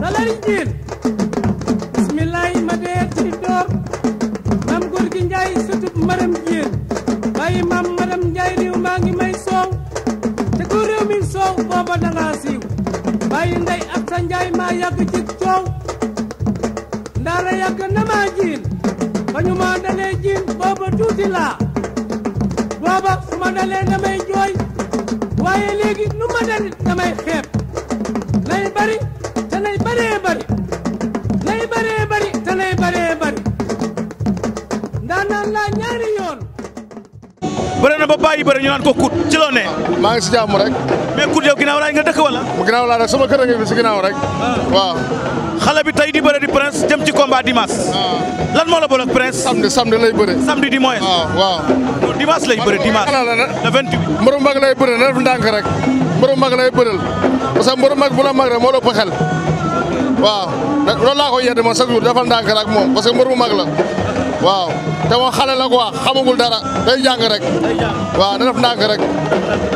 salay jiin bismillaay ma dee ci door maam góor gi njaay sutub maram jiin bàyyi maam maram njaay riw maa ngi may soow te ku réew mi soow booba danga siiw bàyyi ndey ab sa njaay maa yàgg ci coow ndaara yàgg na maa jiin ba dalee jiin booba tuuti laa booba ma dalee damay jooy waaye léegi nu ma dalit damay xeeb lay bari ba bayyi bari ñu nan ko kut ci lo ne ma ngi ci jamm rek mais kut yow ginaaw la nga dëkk wala mu ginaaw la rek sama ah. kër nga ngi fi si ginnaaw rek waaw xala bi tay di bëre di prince jëm ci combat dimanche ah. lan mo la bolok prince samedi samedi lay bëre samedi di moyen waaw waaw dimanche lay bëre dimanche ah, le 28 mbëru mag lay bëre na ndank rek mbëru mag lay bëreel parce que mbëru mag bu la mag rek mo la pexel waaw waaw lo la ko yedd mo sax yu defal ndank rek mom parce que mbëru mag la waaw te moom xale la quoi xamagul dara day jàng rek. day jàng waaw da def ndànk rek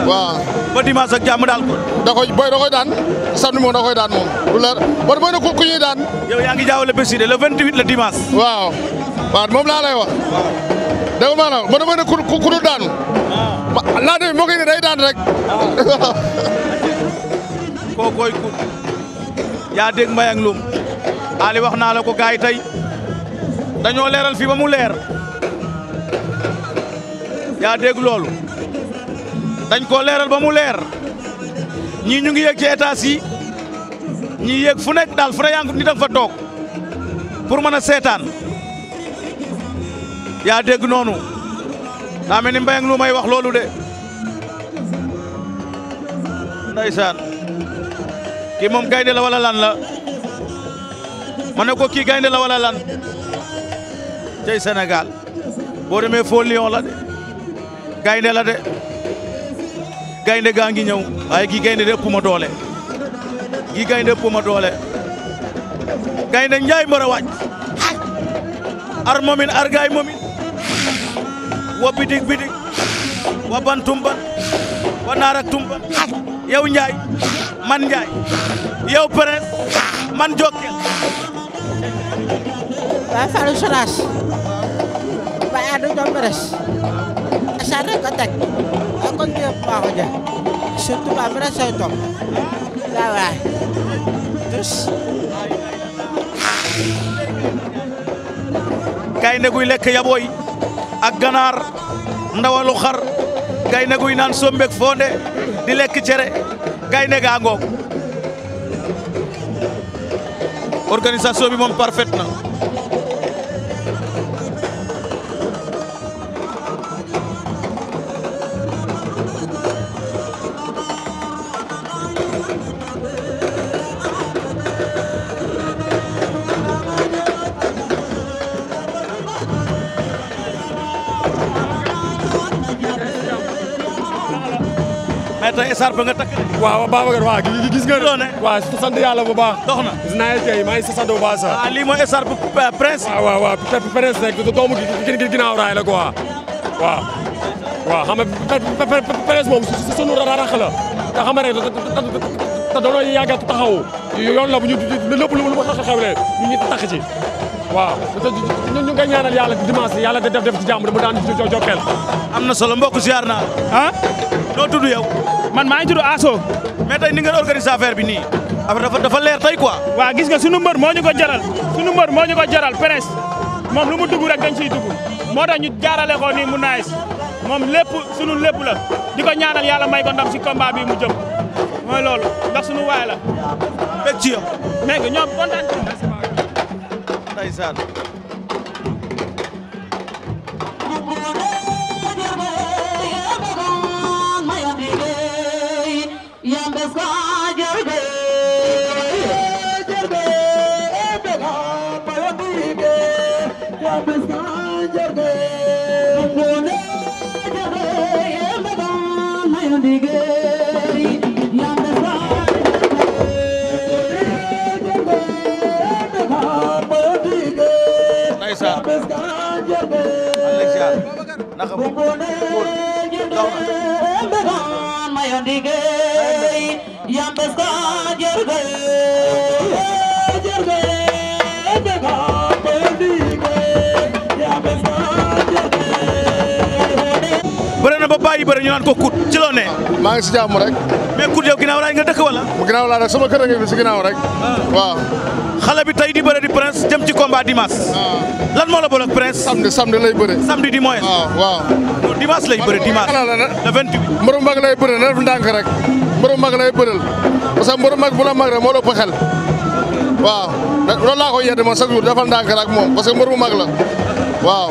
waaw. ba dimanche ak jàmm daal ko. da koy booy da koy daan samedi moom da koy daan moom. lu leer man mooy ne ku ku ñuy daan. yow yaa ngi jaawale bés yi de le 28 le dimanche. waaw waaw moom laa lay wax. waaw dégg nga maanaam man mooy ne ku ku ku dul daanu. waaw ah. laa demee moo ngi nii day daan rek. waaw. Ah. kookooy ku yaa dégg Mbaye ak Loum Ali wax naa la ko gars yi tey dañoo leeral fii ba mu leer. yaa dégg loolu dañ koo leeral ba mu leer ñii ñu ngi yéeg ci étage yi ñii yéeg fu nekk daal fu ne yaa ngi fa toog pour mën a seetaan yaa dégg noonu daa mel ni mbayang lu may wax loolu de ndaysaan kii moom gaynde la wala lan la ma ne ko kii gaynde la wala lan cey Sénégal boo demee foo Lion la de gaynde la de gaynde gaa ngi ñëw waaye gi gaynde de ëpp doole gi gaynde ëpp ma doole gaynde njaay mbara waaj ar momin ar gaay momin wa bidig bidig wa ban tumban wa naar ak tumban yow njaay man njaay yow prince man jokkel waa faru soraas waa adu saan rek a teg ak ko jox surtout ba mi na sooy toog gaynde guy lekk yabooy ak ganaar ndawalu xar gaynde guy naan sombek fonde di lekk cere gaynde gaa ngoog organisation moom parfaite na sarpa nga takk waaw Babacar waaw gis nga doone waaw sant yàlla bu baax dox na gis naa kay maa ngi sant bu baax sax ah, lii mooy sarpa euh, prince waaw waaw waaw prince rek doomu gi ginnaaw raay la quoi waaw waaw xam nga prince moom sunu rax la te xam nga rek te doonoo yàgg a taxaw la bu ñu lépp lu ma xewlee ñu ñu tax ci daan jokkeel am na solo mbokk ziar naa ah doo tudd man maa ngi tudd Aso. mais tey ni ngeen organiser affaire bi nii. affaire dafa dafa leer tey quoi. waaw gis nga sunu mbër moo ñu ko jaral sunu mbër moo ñu ko jaral presse moom lu mu dugg rek dañ ciy dugg moo tax ñu jaarale ko nii mu naaj moom lépp sunu lépp la di ko ñaanal yàlla may ko ndam si combat bi mu jëm mooy loolu ndax sunu waay la. mbég ci mais ñoom kontaan nañu. ndeysaan. bayyi bari ñu nan ko kut ci lo ne. ma ngi ci jàmm rek. mais kut yow ginaaw la nga dëkk wala. mu ginaaw la sama kër nga fi ci ginaaw rek. waaw. xala bi tay di bëre di prince jëm ci combat dimas lan mo la boole ak prince. samedi samedi lay bëre. samedi di moyen. waaw waaw. non lay bëre dimas le 28. morom mag lay bëre na def ndànk rek. morom mag lay bëreel parce que morom mag bu la mag rek mo la ko xel. waaw loolu la ko yedd mo chaque jour dafa ndànk rek mom parce que morom mag la waaw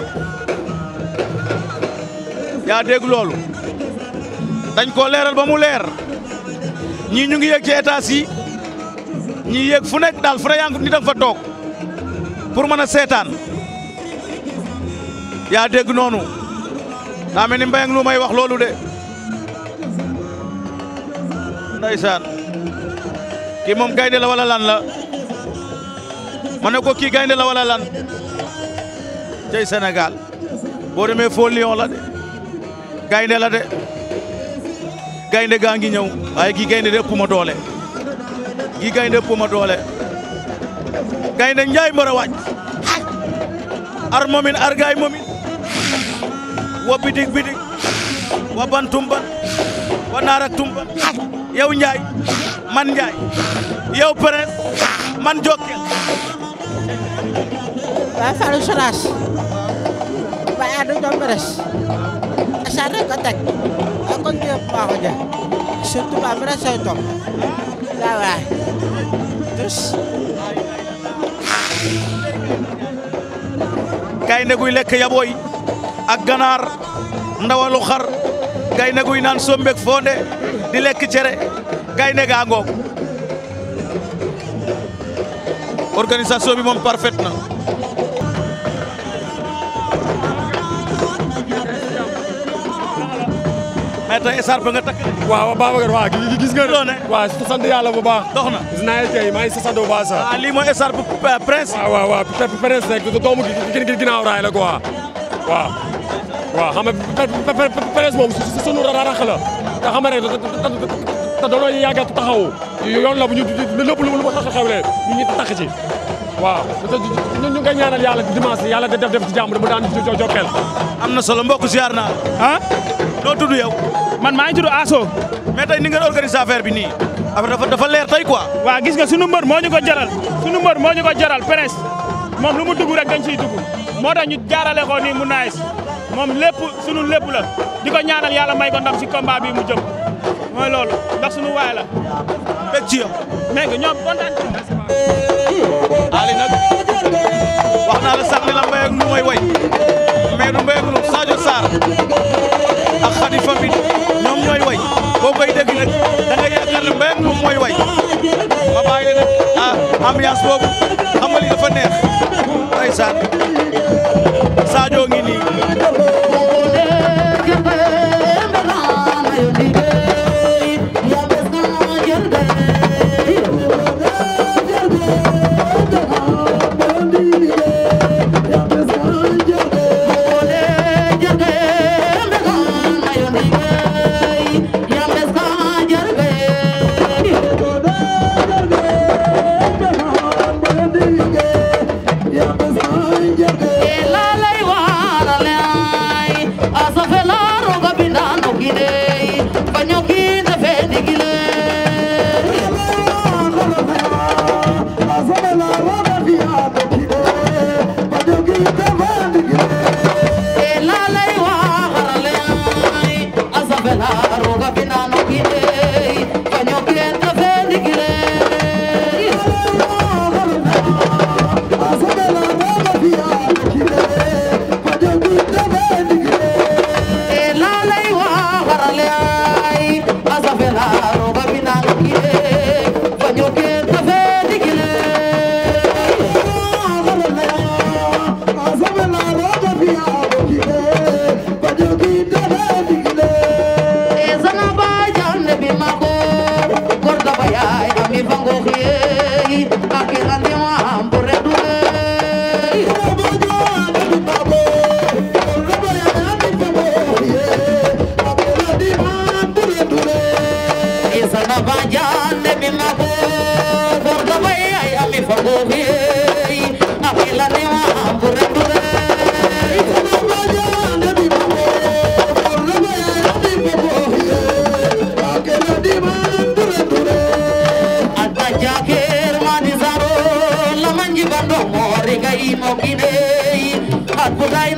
Ya deg lolu dañ ko leral ba mu leer ñi ñu ngi yéeg ci état ci ñi yéeg fu nek dal fu ne nitam fa tok pour mëna a ya deg nonu da melni mbay ni lu may wax lolu de ndaysan ki mom gaynde la wala lan la ma ne ko kii gaynde la wala lan cey Sénégal bo demee fo Lion la de gaynde la de gaynde gaa ngi ñëw waaye gi gaynde de ëpp ma doole gi gaynde ëpp ma doole gaynde njaay mbara ar momin ar gaay momin wa bidig bidig wa ban tumban wa naarak tumban yow njaay man njaay yow prince man jokke waaye falu soraas waaye adu jom saar rek a teg a kon di yëpp maa ko sooy topp waaw waay gaynde guy lekk yabooy ak ganaar ndawalu xar gaynde guy naan sombeek fonde di lekk cere gaynde gaa ngoog organisation bi moom parfaite na mais tey écharpe nga takk de. waaw Babacar waaw gis nga. doone waaw sant yàlla bu baax. dox na gis naa kay maa ngi sant bu baax sax. ah lii mooy écharpe prince. waaw waaw waaw prince rek doomu gi ginnaaw raay la quoi waaw. waaw xam nga prince moom sunu rax la te xam nga rek te doonoo yàgg taxawu yoon la bu ñu lépp lu mu xewlee ñu ñu tax ci. waaw ñu ñu koy ñaanal def def ci jàmm mu daan jokkeel. am na solo mbokk ziar naa noo tudd yow. man maa ngi tudd Aso. mais tey ni ngeen organiser affaire bi nii. affaire dafa dafa leer tey quoi. waaw gis nga sunu mbër moo ñu ko jaral sunu mbër moo ñu ko jaral Prince moom lu mu dugg rek dañ ciy dugg moo tax ñu jaarale ko nii mu naaj moom lépp sunu lépp la di ko ñaanal yàlla may ko ndam si combat bi mu jëm mooy loolu ndax sunu waay la. bëgg ci yow. mais ñoom kontaan Ali nag wax naa la sax li la mbay ak lu may way. Meedu Mbaye groupe Sadio Sarr ak Khady Famine ñoom ñooy way boo koy dégg nag da ngay yaakaar ne Mbaye groupe mooy way ma bàyyi nag ah ambiance boobu xam nga li dafa neex ndeysaan Sadio ngi nii mogi nei, at budai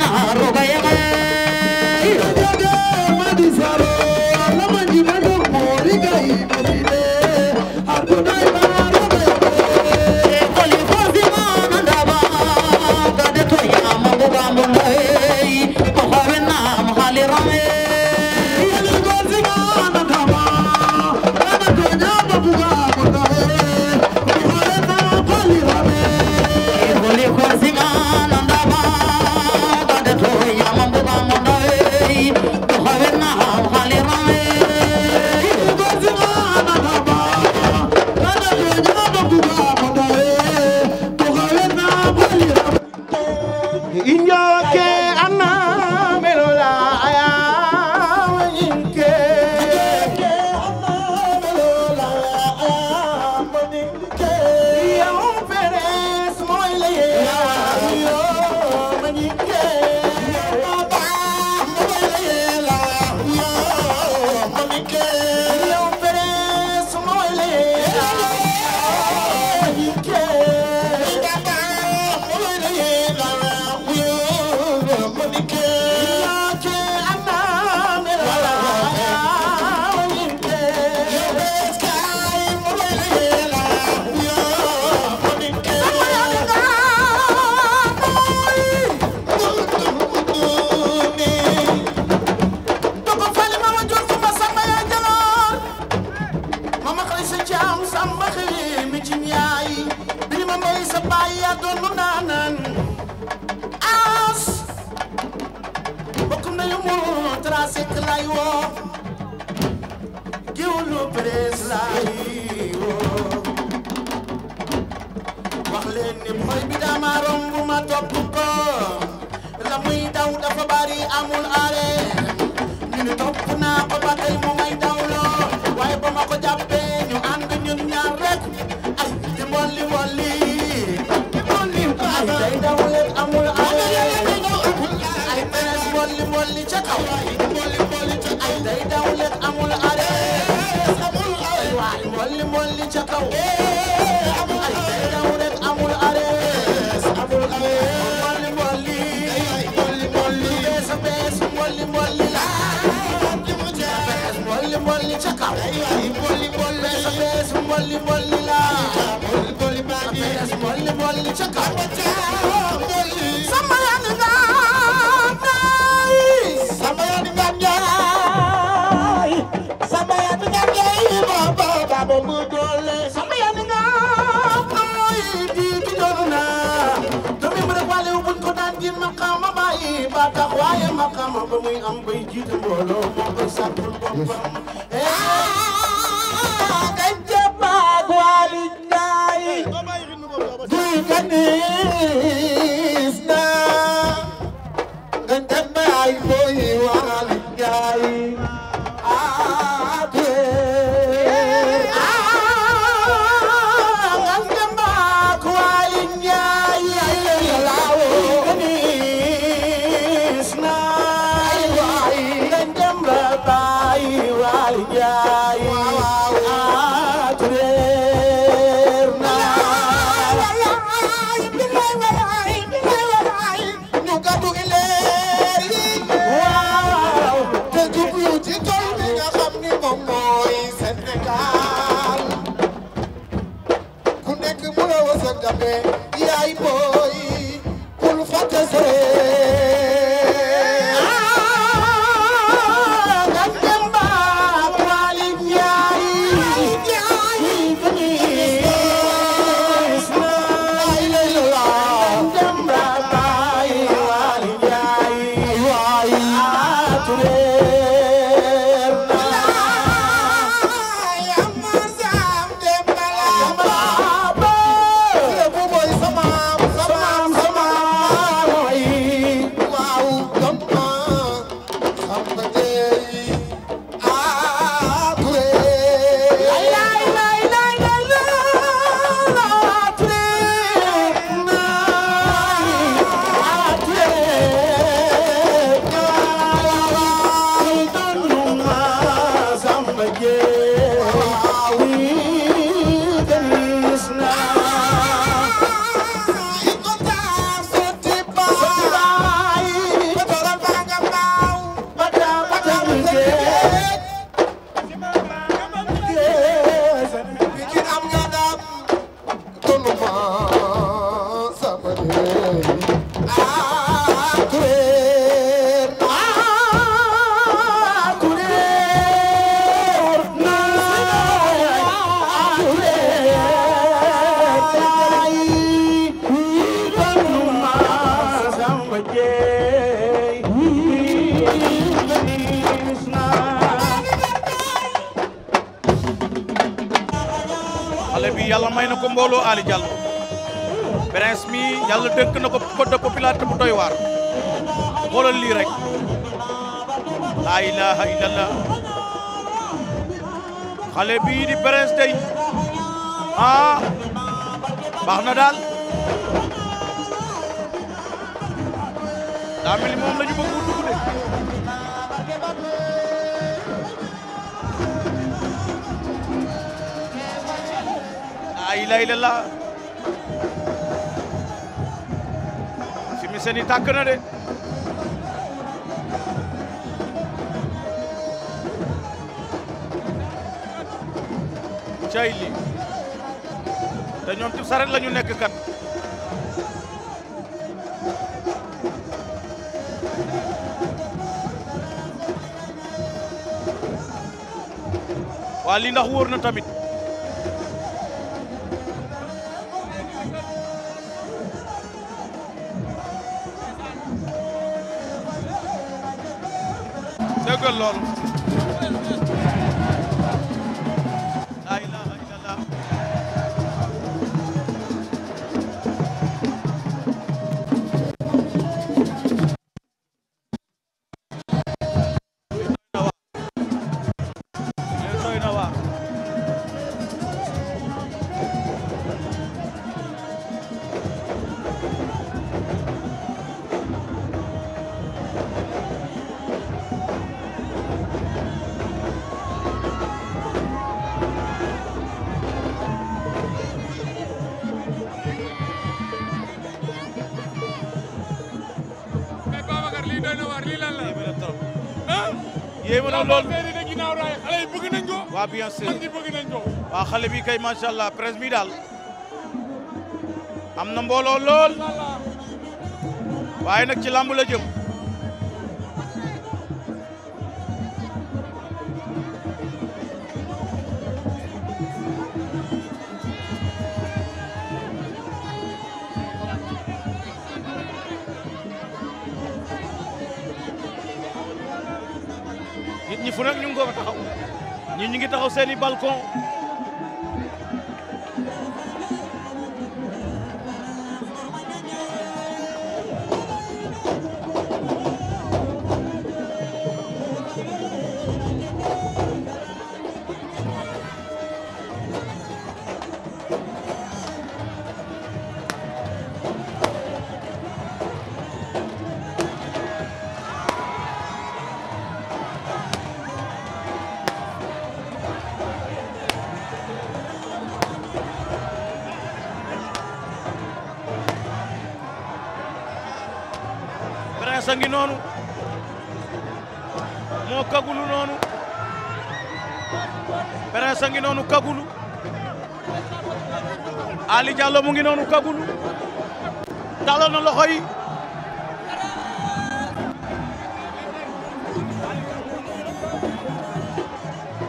ba tax waaye maqaama ba muy am bay jiite mbooloo moo koy sàkkul boppam dañ ah, ca baag waali njaay duy kanis na nga dem ay bii di Prince tey ah baax na daal daa mel ni moom la ñu bëgg de laa si mi seen na de cay lii te ñoom ci saret la nekk kat waa lii ndax wóor na tamit ambiance waaw xale bi kay macha allah presse bi daal am na mbooloo lool waaye nag ci làmb la jëm. ngi taxaw seen i a ngi noonu moo kagulu noonu Prince a ngi noonu kagulu Ali Diallo mu ngi noonu kagulu dalal na loxo yi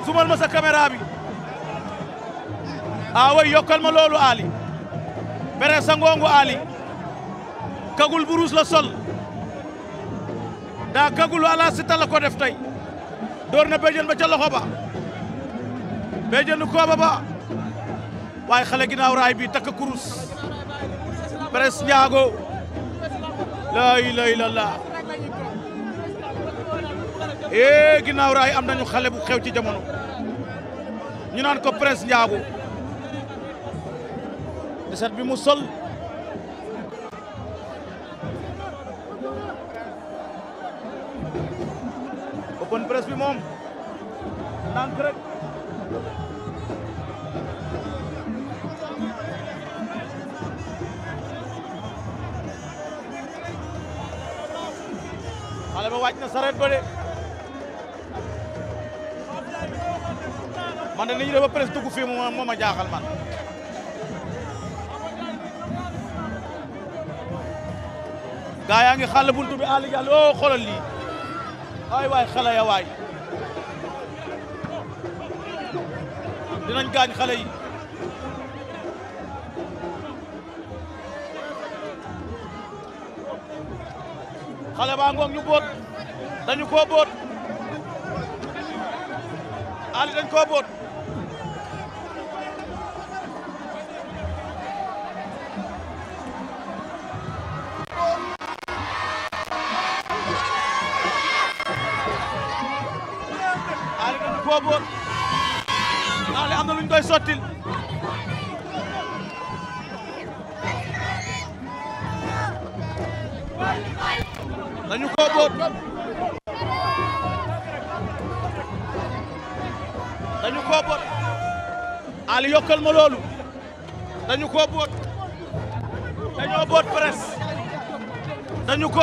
sumal ma sa caméra bi aaway ah yokkal ma loolu Ali Prince a ngoongu Ali kagul buruus la sol daa gagul ala Siteu la ko def tey door na béjjën ba ca loxo ba béjjënu kooba ba waaye xale ginnaaw raay bi takk kurus pres njaago laa ilaaha illallaah eh, ee ginnaaw raay am nañu xale bu xew ci jamono ñu naan ko pres njaago deset bi mu sol open press bi moom nank rek xale ba wàcc ba de man de nit ñi dafa presse dugg fii ma jaaxal man gaa yaa ngi xàll bi àll gi àll oo oh, xoolal ay waay xale ya waay dinañ gaañ xale yi xale baa ngoog ñu boot dañu koo boot Ali dañ koo boot boobu ndax li na luñ dañu ko boot ko ma loolu dañu ko boot dañu ko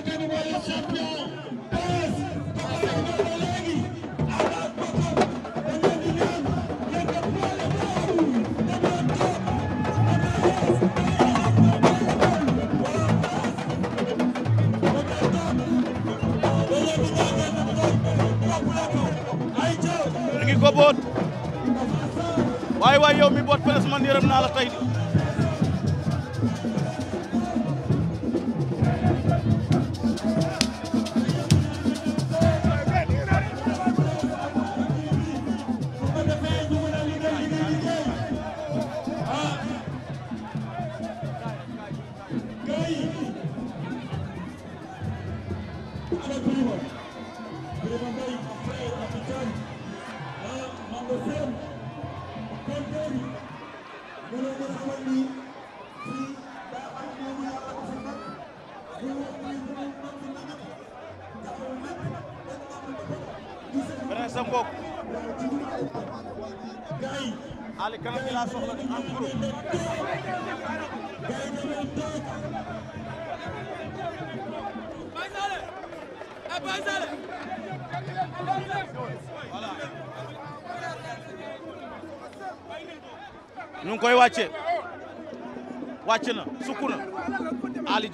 waay yow mi boot peles man yërëm naa la tey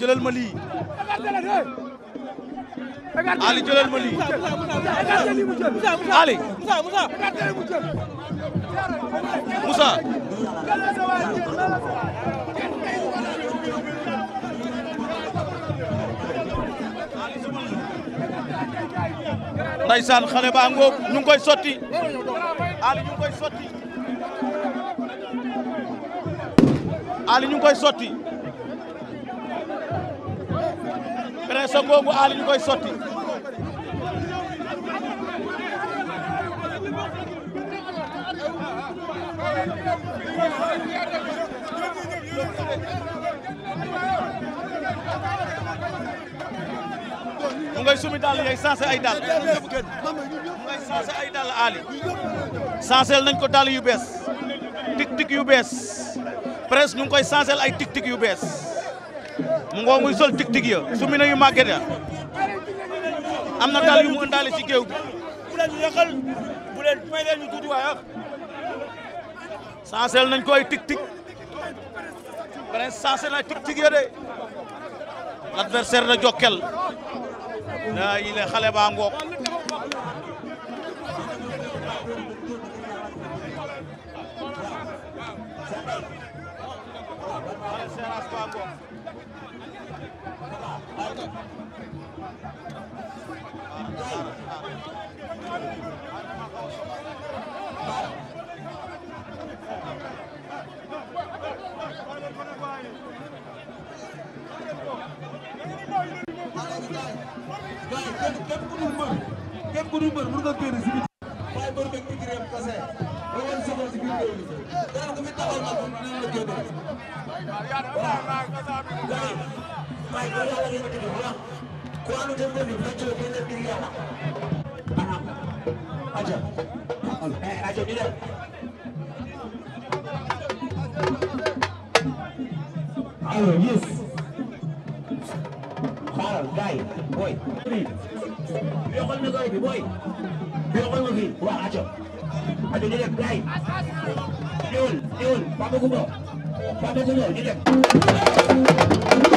jëlal ma lii Ali jëlal ma lii Ali Moussa Ndeysaan xale baa ngoog ñu ngi koy sotti Ali ñu ngi sotti Ali ñu ngi sotti sa googu aali ñu ngay sumi dàll yay sansé ay dàll mu ay dàll aali sansel nañ ko dàll yu bees tik tik yu bees presse ñu ngi koy sansel ay tik tik yu bees mu ngoo muy sol tig tig ya su mi na yu màgget ya am na dal yu mu ëndaale ci géew bi bu leen yëqal bu leen may leen ñu tuuti waaye sansel nañ ko ay tig tig prince sansel na tig tig ya de l'adversaire na jokkel la yi le xale baa ngoog Será as képp ku dul mbër mën nga génn si biir waaye mbër beeg picc réew kese ba ngeen soxla si biir réew mi dara ko fi taxaw nag dinañ la génne waaw maigoro yaliyotuliwa kwani tembe vipacho kwenda biliana anam aja eh aja bila Hello, yes. Harold, guy, boy. Biokol na guy, boy. Biokol mo gi, wa ajo. Ajo nila, guy. Yun, yun, papagubo. Papagubo, nila. Papagubo.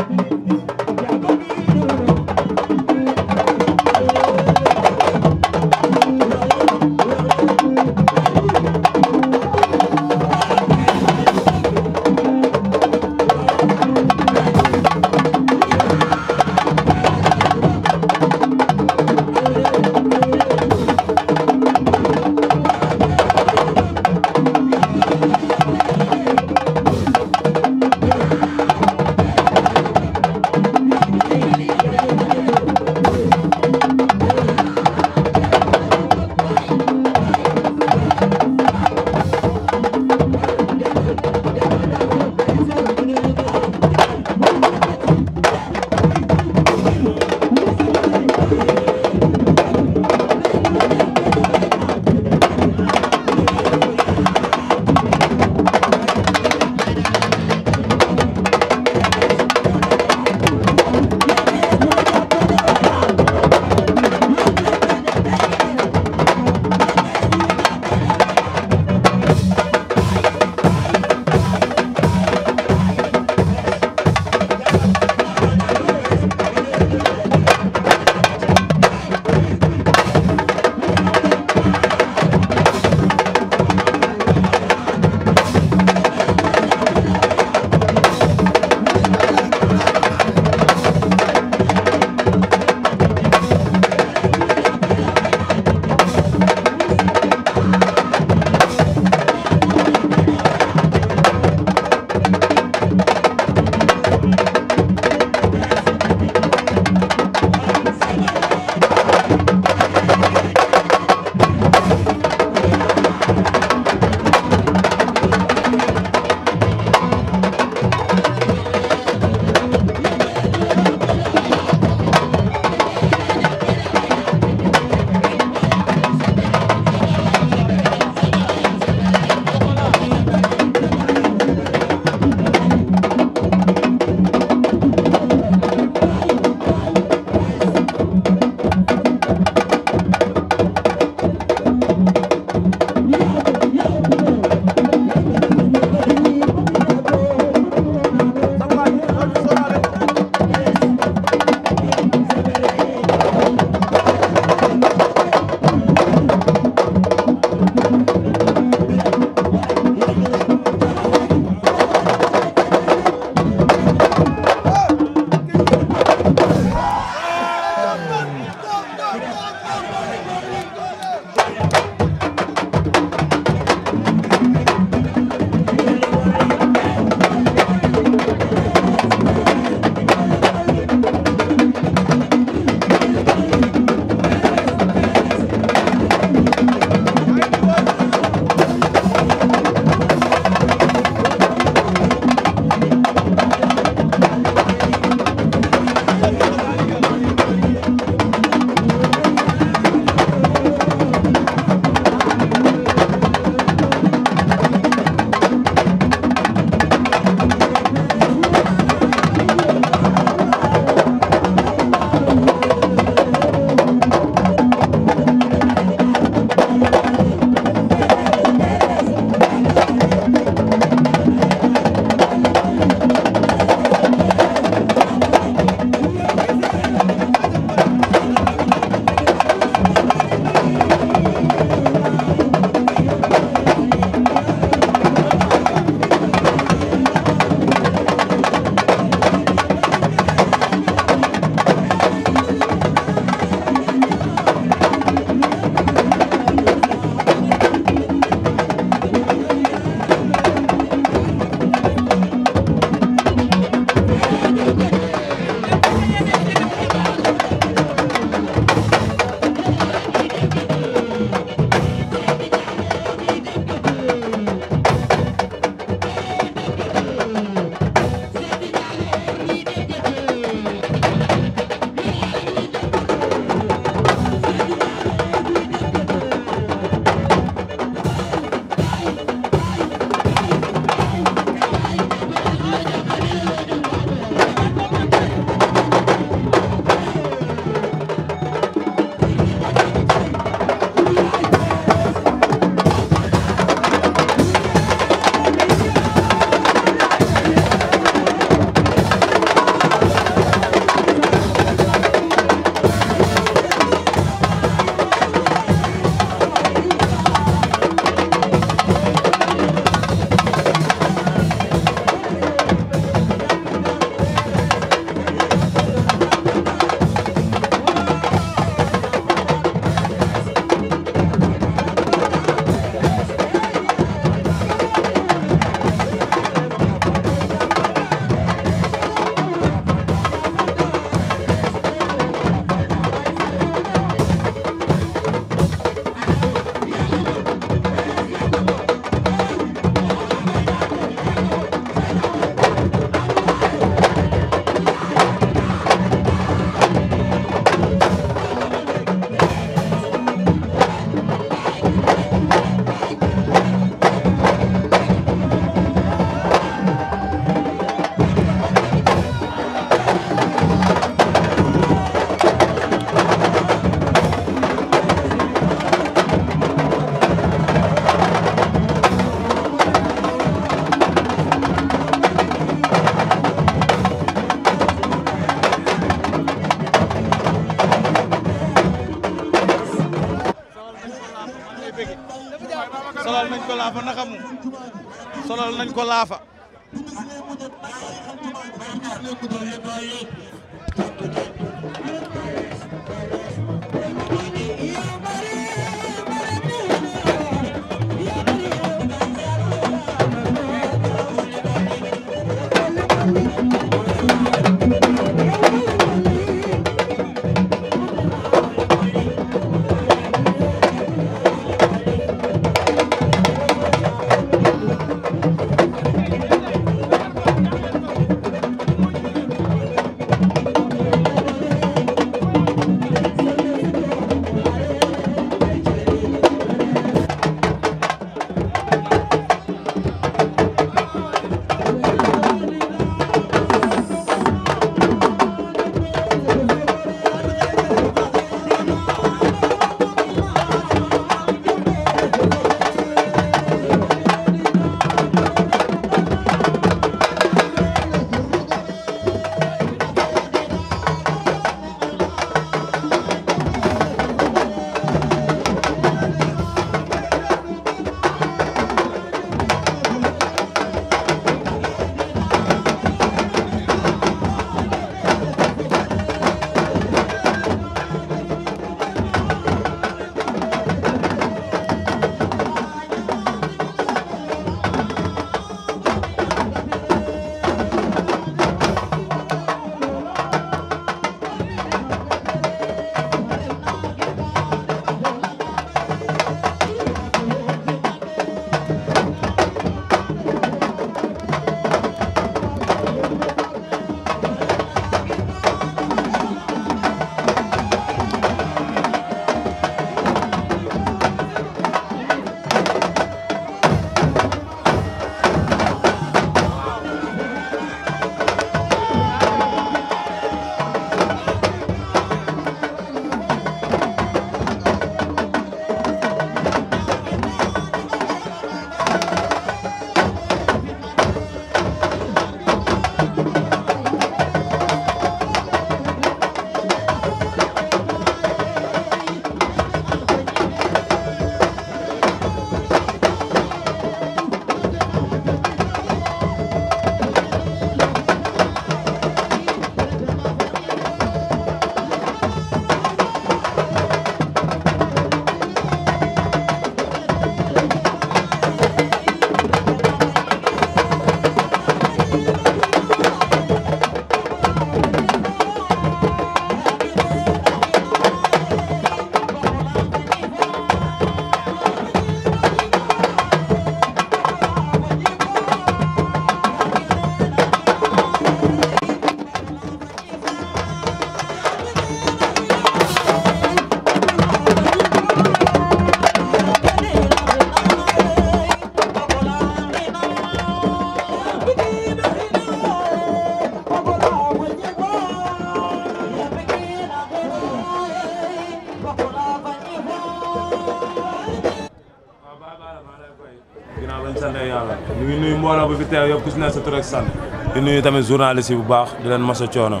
teew yëpp ku sa tur ak sant di nuyu tamit journaliste yi bu baax di leen mos a coono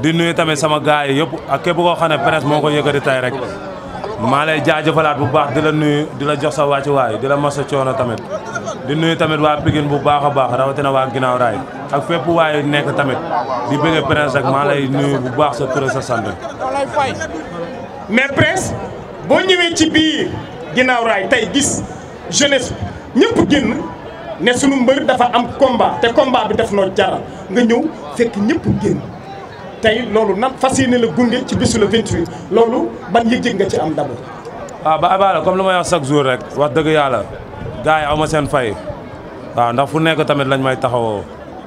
di nuyu tamit sama gars yi yëpp ak képp koo xam ne presse moo ko yëkkati tey rek maa lay jaajëfalaat bu baax di la nuyu di la jox sa wàccu waay di la mos a coono tamit di nuyu tamit waa Pikine bu baax a baax rawatina waa ginnaaw raay ak fépp waaye nekk tamit di bëgge Prince rek maa lay nuyu bu baax sa tur sa sant mais Prince boo ñëwee ci biir ginnaaw raay ne sunu mbër dafa am combat te combat bi def noo jara nga ñëw fekk ñëpp génn tey loolu nan fas yéene la gunge ci bisu le 28 loolu ban yëg-yëg nga ci am d'abord. waaw ba Abala comme lu may wax chaque jour rek wax dëgg yàlla gars yi seen fay waaw ndax fu nekk tamit lañ may taxawoo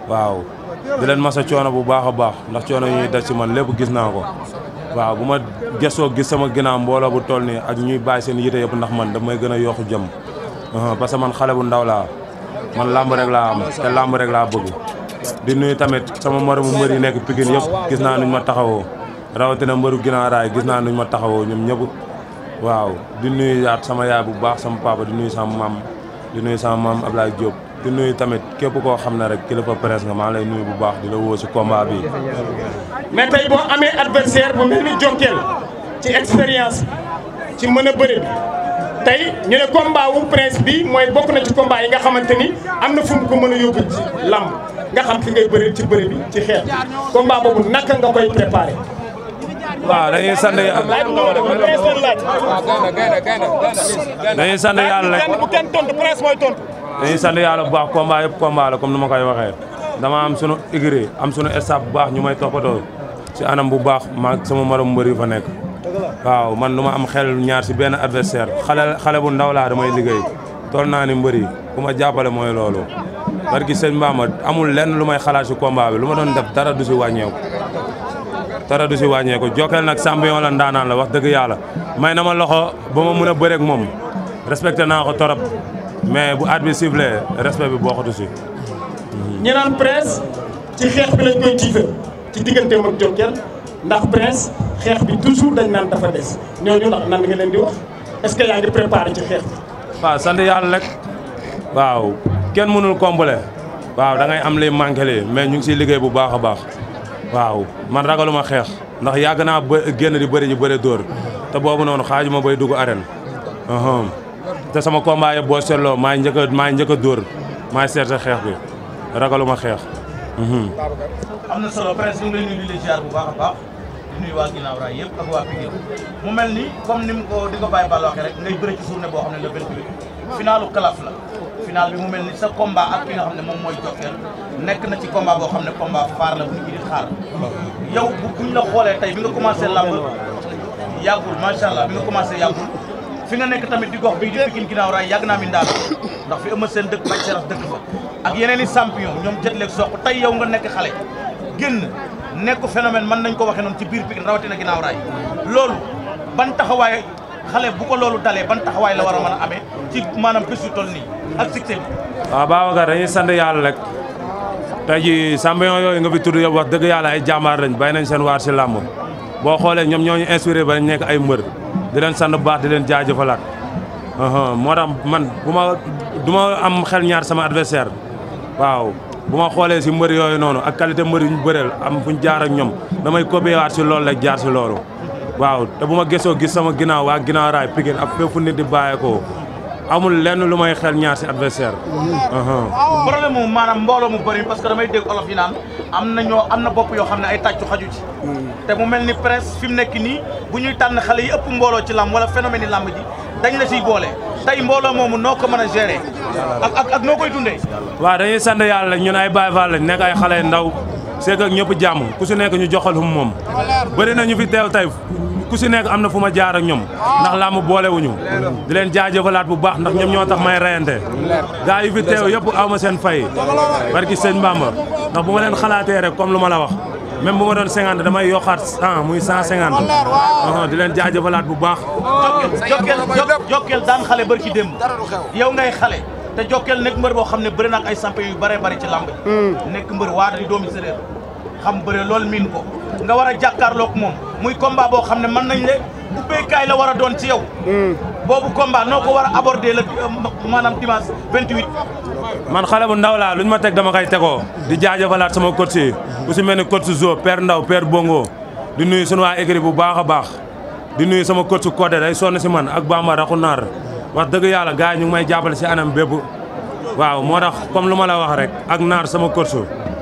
waaw di leen masa coono bu baax a baax ndax coono yi ñuy def ci man lépp gis naa ko waaw bu ma gesoo gis sama ginnaaw mbooloo bu toll nii ak ñuy bàyyi seen yite yëpp ndax man damay gën a yokk jëm parce que man xale bu ndaw laa. man làmb rek laa am te làmb rek laa bëgg di nuyu tamit sama moromu mbër yi nekk Pikine yëpp gis naa nuñ ma taxawoo rawatina mbëru Guinaw Rail gis naa nuñ ma taxawoo ñoom ñëpp waaw di nuyu yaat sama yaay bu baax sama papa di nuyu sama maam di nuyu sama maam Ablaye Diop di nuyu tamit képp koo xam ne rek kilifa presse nga maa lay nuyu bu baax di la woo si combat bi mais boo amee adversaire bu mel ni Jonkel ci expérience ci mën a bëri tey ñu ne combat prince bi mooy bokk na ci combat yi nga xamante ni am na fu mu ko mën a yóbbu ci làmb nga xam ki ngay bëri ci bëri ci xeex combat boobu naka nga koy préparé. waaw dañuy sant yàlla dañuy sant yàlla rek dañuy sant yàlla bu baax combat yëpp combat la comme ni ma koy waxee dama am sunu écurie am sunu staff bu baax ñu may toppatoo ci anam bu baax maag sama maram mbër yi fa nekk. waaw man lu ma am xel ñaar si benn adversaire xale xale bu ndaw laa damay liggéey toll naa ni mbëri ku ma jàppale mooy loolu ma barki sëñ Mbamba amul lenn lu may xalaat si combat lu ma doon def dara du si wàññeeku dara du si wàññeeku Jokal nag champion la ndaanaan la wax dëgg yàlla may na ma loxo ba ma mën a bëreeg moom respecté naa ko torop mais bu at bi bi bokkatu si ñi ci xeex bi lañ koy jiife ci digganteem ak Jokal ndax prince xeex bi toujours dañ naan dafa des ñooñu ndax nan nga leen di wax est yaa ngi préparé ci xeex bi. waaw sant yàlla rek waaw kenn mënul combler waaw da ngay am lay manqué lee mais ñu ngi siy liggéey bu baax a baax waaw man ragaluma xeex ndax yàgg naa ba génn di bëri ji bëri dóor te boobu noonu xaajuma bay dugg arène te sama combat boo seetloo maa njëkk maa maay njëkk a dóor maay seet sa xeex bi ragaluma xeex. Babacar am na solo presse ñu ngi lay nuyu di ziar bu baax a baax di nuyu waa ginnaaw raay yëpp ak waa Pikine mu mel ni comme ni mu ko di ko bàyyi Balla waxee rek ngay bëri ci journée boo xam ne le 28 finalu kalaf la final bi mu mel ni sa combat ak ki nga xam ne moom mooy Jokkeel nekk na ci combat boo xam ne combat faar la bu ñu di xaar yow bu buñ la xoolee tey bi nga commencé làmb yàggul macha allah bi nga commencé yàggul fi nga nekk tamit di gox bi di Pikine ginnaaw yàgg naa mi ndaal ndax seen dëkk bañ ak yeneen i champion ñoom jët soo soq tey yow nga nekk xale génn nekk phénomène mën nañ ko waxee noonu ci biir Pikine rawatina ginnaaw loolu ban taxawaay xale bu ko loolu dalee ban taxawaay la war a mën a amee ci maanaam bés nii ak succès bi. waaw Babacar dañuy sant yàlla rek tey jii yooyu nga fi tudd yow wax dëgg yàlla ay jàmbaar lañ bàyyi nañ seen waar si làmb boo xoolee ñoom ñoo ñu inspiré ba ñu nekk ay mbër di leen sant bu baax di leen jaajëfalaat moo man bu ma du am xel ñaar sama adversaire. waaw bu ma xoolee si mbër yooyu noonu ak qualité mbër ñu bëreel am fu ñu ñoom damay kobeewaat si loolu rek jaar si waaw te bu ma gesoo gis sama ginnaaw waa ginnaaw raay Pikine ak fépp fu nit di bàyyeekoo amul lenn lu may xel ñaar si adversaire. Uh-huh. problème mu maanaam mbooloo mu bëri parce que damay dégg olof yi am na ñoo am na bopp yoo xam ne ay tac xaju ci. te mu mel ni presse fi mu nekk nii bu ñuy tànn xale yi ëpp mbooloo ci làmb wala phénomène yi làmb ji dañ la siy boole. tey mbooloo moomu noo ko mën a gérer ak ak ak noo koy dundee. waaw dañuy sant yàlla ñun ay Baye Fall nekk ay xale ndaw seeg ak ñëpp jàmm ku si nekk ñu joxal hum moom bëri na ñu fi teew tay ku si nekk am na fu ma jaar ak ñoom ndax lam boole boolewuñu di leen jaajëfalaat bu baax ndax ñoom ñoo tax may reyante gaa yu fi teew yëpp aw ma seen fay barki sëñ Bamba ndax bu ma leen xalaatee rek comme lu ma la wax même bu ma doon cinquante damay yokkaat cent muy cent cinquante. di leen jaajëfalaat bu baax. Jokkel Jokkel daan xale bari ci démb. yow ngay xale. te Jokkel nekk mbër boo xam ne bëri na ak ay sampe yu bëree bëri ci lamb hmm. nekk mbër waa di doomi séréer xam bëre lool miin ko nga war a jàkkaarloog moom. muy combat boo xam ne man nañ le ubbeekaay la war a doon ci yow. Hmm. boobu combat noo ko war a aborder la maanaam dimanche 28. man xale bu ndaw laa luñ ma teg dama koy tegoo di jaajëfalaat sama coach yi si mel ni coach Zo père Ndaw per Bongo di nuyu sunu waa écrit bu baax a baax di nuyu sama coach Codé day sonn si man ak Bamba raxu naar wax dëgg yàlla gars ñu ngi may jàppale si anam bépp. waaw moo tax comme lu ma la wax rek ak naar sama coach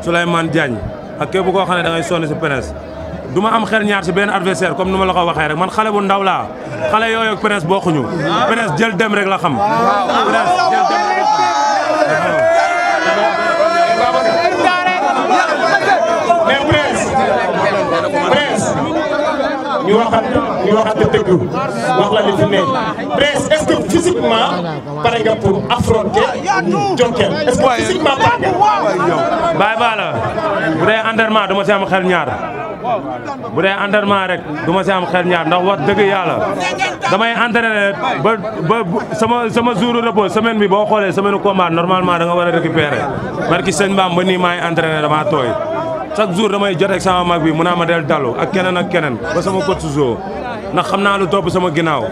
Souleymane Diagne ak képp koo xam ne da ngay sonn si duma am xel ñaar si benn adversaire comme nu ma ko waxee rek man xale bu ndaw laa xale yooyu ak Prince bokkuñu Prince jël dem rek la xam Prince jël dem rek la xam mais wax la li fi ne Prince est-ce pare nga pour affronter Jonkel est-ce que physiquement pare nga. waaw waaw yow. bàyyi baa la bu dee entraînement dama si am xel ñaar. bu dee entraînement rek du ma si am xel ñaar ndax wax dëgg yàlla damay entraîné ba ba sama sama jour repos semaine bi boo xoolee semaine combat normalement da nga war a récupérer barki sëñ Bamba ba nii maay entraîné damaa tooy chaque jour damay jot ak sama mag bi mu naa ma del dalu ak keneen a keneen ba sama coach zoo ndax xam naa lu topp sama ginnaaw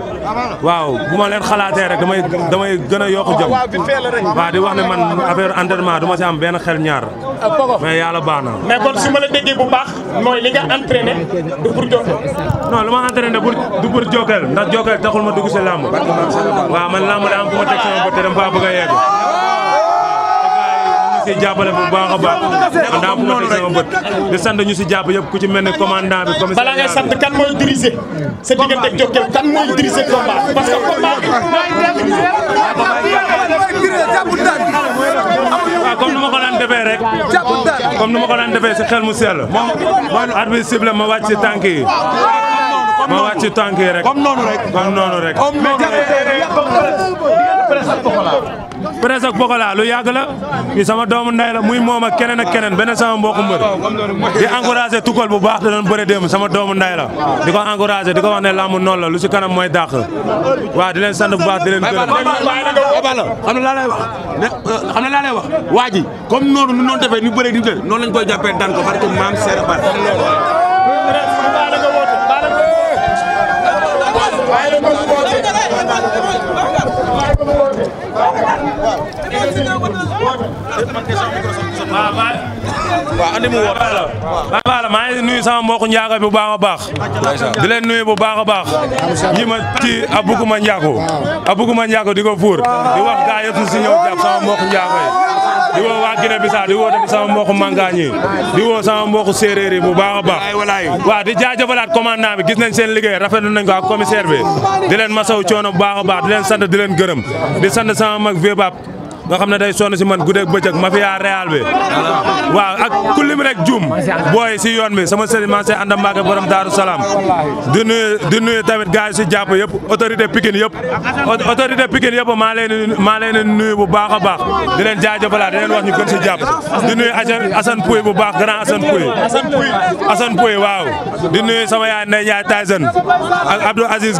waaw bu ma leen xalaatee rek damay damay gën a yokk jom di wax ne man affaire entraînement du ma si am benn xel ñaar ah, mais yàlla baax na mais kon ma la déggee bu baax mooy li nga du pour Jokal non lu ma entraîné pour du pour ndax Jokal taxul ma dugg si làmb waaw man làmb daa am fu ma teg sama bët te faa bëgg a si jàppale bu baax a baax ndax bu ma ñu si jàpp yëpp ku ci mel ne commandant bi sant kan mooy diriger sa diggante Jokal kan mooy diriger ah, daan defee rek comme nu ma ko daan defee si xel mu sell arbitre cible ma wàcc si tànk yi ma wàcc si yi rek comme noonu rek rek presse ak Pokola lu yàgg la sama doomu ndey la muy moom ak keneen ak keneen beneen sama mbokku mbër di encouragé Tukkal bu baax da doon sama doomu ndey la di ko encouragé di ko wax ne làmb noonu la lu si kanam mooy dàq waa di leen sant bu baax di leen gërëm bala xam na laa na laa lay wax waa ji comme noonu nu noonu defee ñu bëree di dër lañ koy jàppee daan ko barke maam seera bar wat� Amerika son mikro san mri sou ni wà lə waaw maa ngi nuyu sama mbokku njaago bu baax a baax di leen nuy bu baax a baax yi ma ci a njaago abuguma njaago di ko fuur di wax gaa yëpp si ñëw jàpp sama mbokku njaago yi di woo waa Guinée Bissau di woo tamit sama mbokku Mankagne yi di woo sama mbokku séeréer bu baax baax waaw di jaajëfalaat commandant bi gis nañ seen liggéey rafetlu nañ ko ak commissaire bi di leen masaw coono bu baax a baax di leen sant di leen gërëm di sant sama mag Vieux Pape nga xam ne day sonn si man guddeeg bëccëg ma fiyaa Real bi waaw ak ku rek juum booy si yoon bi sama sëriñ maa si ànd Mbàkke borom Daaru Salaam di nuyu di nuyu tamit gars si jàpp yëpp autorité Pikine yëpp autorité Pikine yëpp maa leen maa nuyu bu baax a baax di leen jaajëfalaat di leen wax ñu gën si jàpp di nuyu Assane Pouye bu baax grand Assane Pouye Assane Pouye waaw di nuyu sama yaay Ndeye Ndiaye Tyson ak Abdou Aziz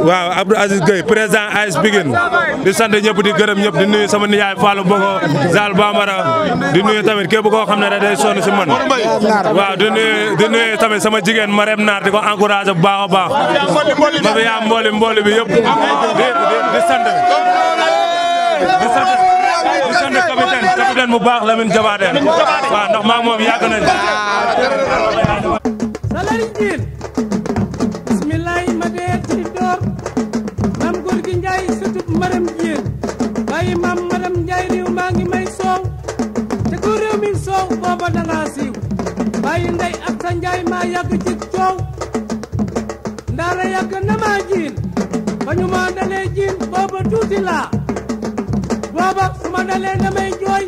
waaw Abdou Aziz Gueye président AS Pikine di sant ñëpp di gërëm ñëpp di nuyu sama nijaay Boko Zal Bambara di nuyu tamit képp koo xam ne rek day sonn si man waaw di tamit sama jigéen Marème Naar di ko encouragé bu baax a baax ma fi yaa mbooli mbooli bi yëpp di di sant di sant di sant capitaine capitaine baax Lamine Jabaate waaw ndax maa ngi moom yàgg nañ salariñ jiin bismillahi ma dee ci door maam góor gi Njaay sëtub Marème Diène waaye maam madame Njaay riw maa ngi may soow te ko mi soow booba danga siiw ndey ak sa njaay maa yàgg ci coow ndaara yàgg na maa jiin ba maa dalee jiin booba tuuti laa booba su ma dalee damay jooy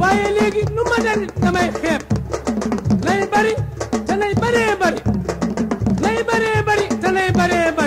waaye léegi nu ma dalit damay xeeb nay bari te nay nay baree bari te